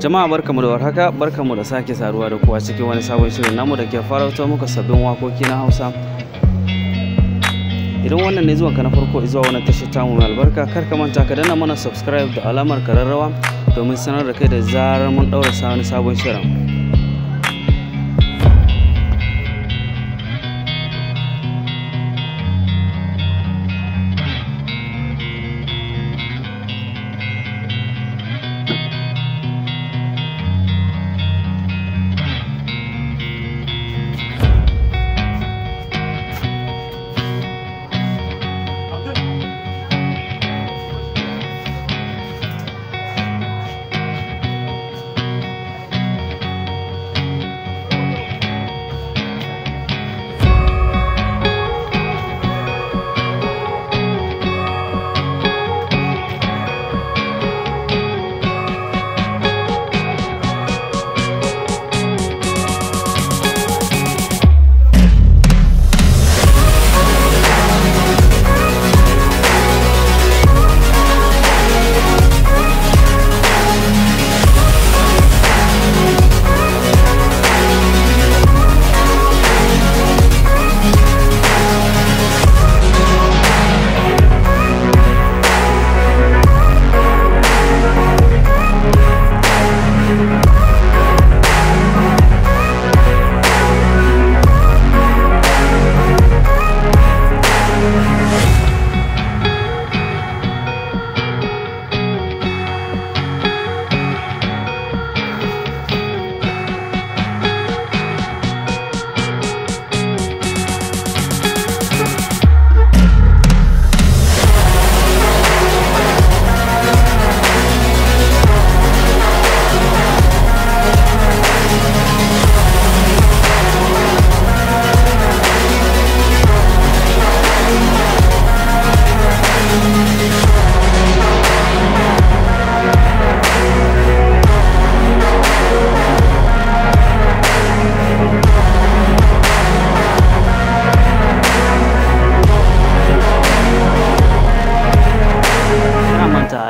jama'a barkamu da warhaka barkamu da sake saruwa da kowa cikin wani sabon shirin namu da ke farauta muka sabbin wakoki na hausa idan wannan ne zuwanka na farko izuwa wani tashar tamu mai albarka kar ka manta ka danna mana subscribe da alamar kararrawa domin sanar da kai da zarar mun daura wani sabon shirin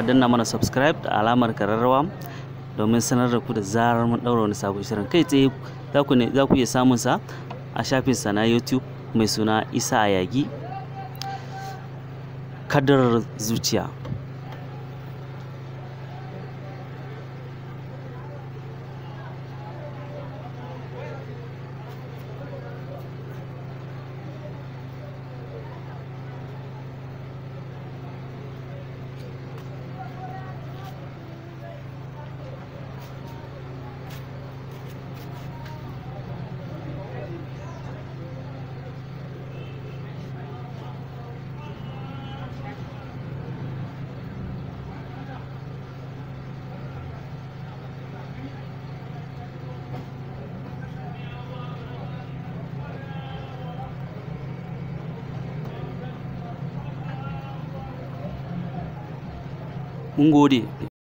danna mana subscribe da alamar kararrawa domin sanar da ku da zarar mun daura wani sabon shirin kai tsaye za ku za ku iya samun sa a shafin sa na YouTube mai suna Isa Ayagi kadar zuciya 我我的。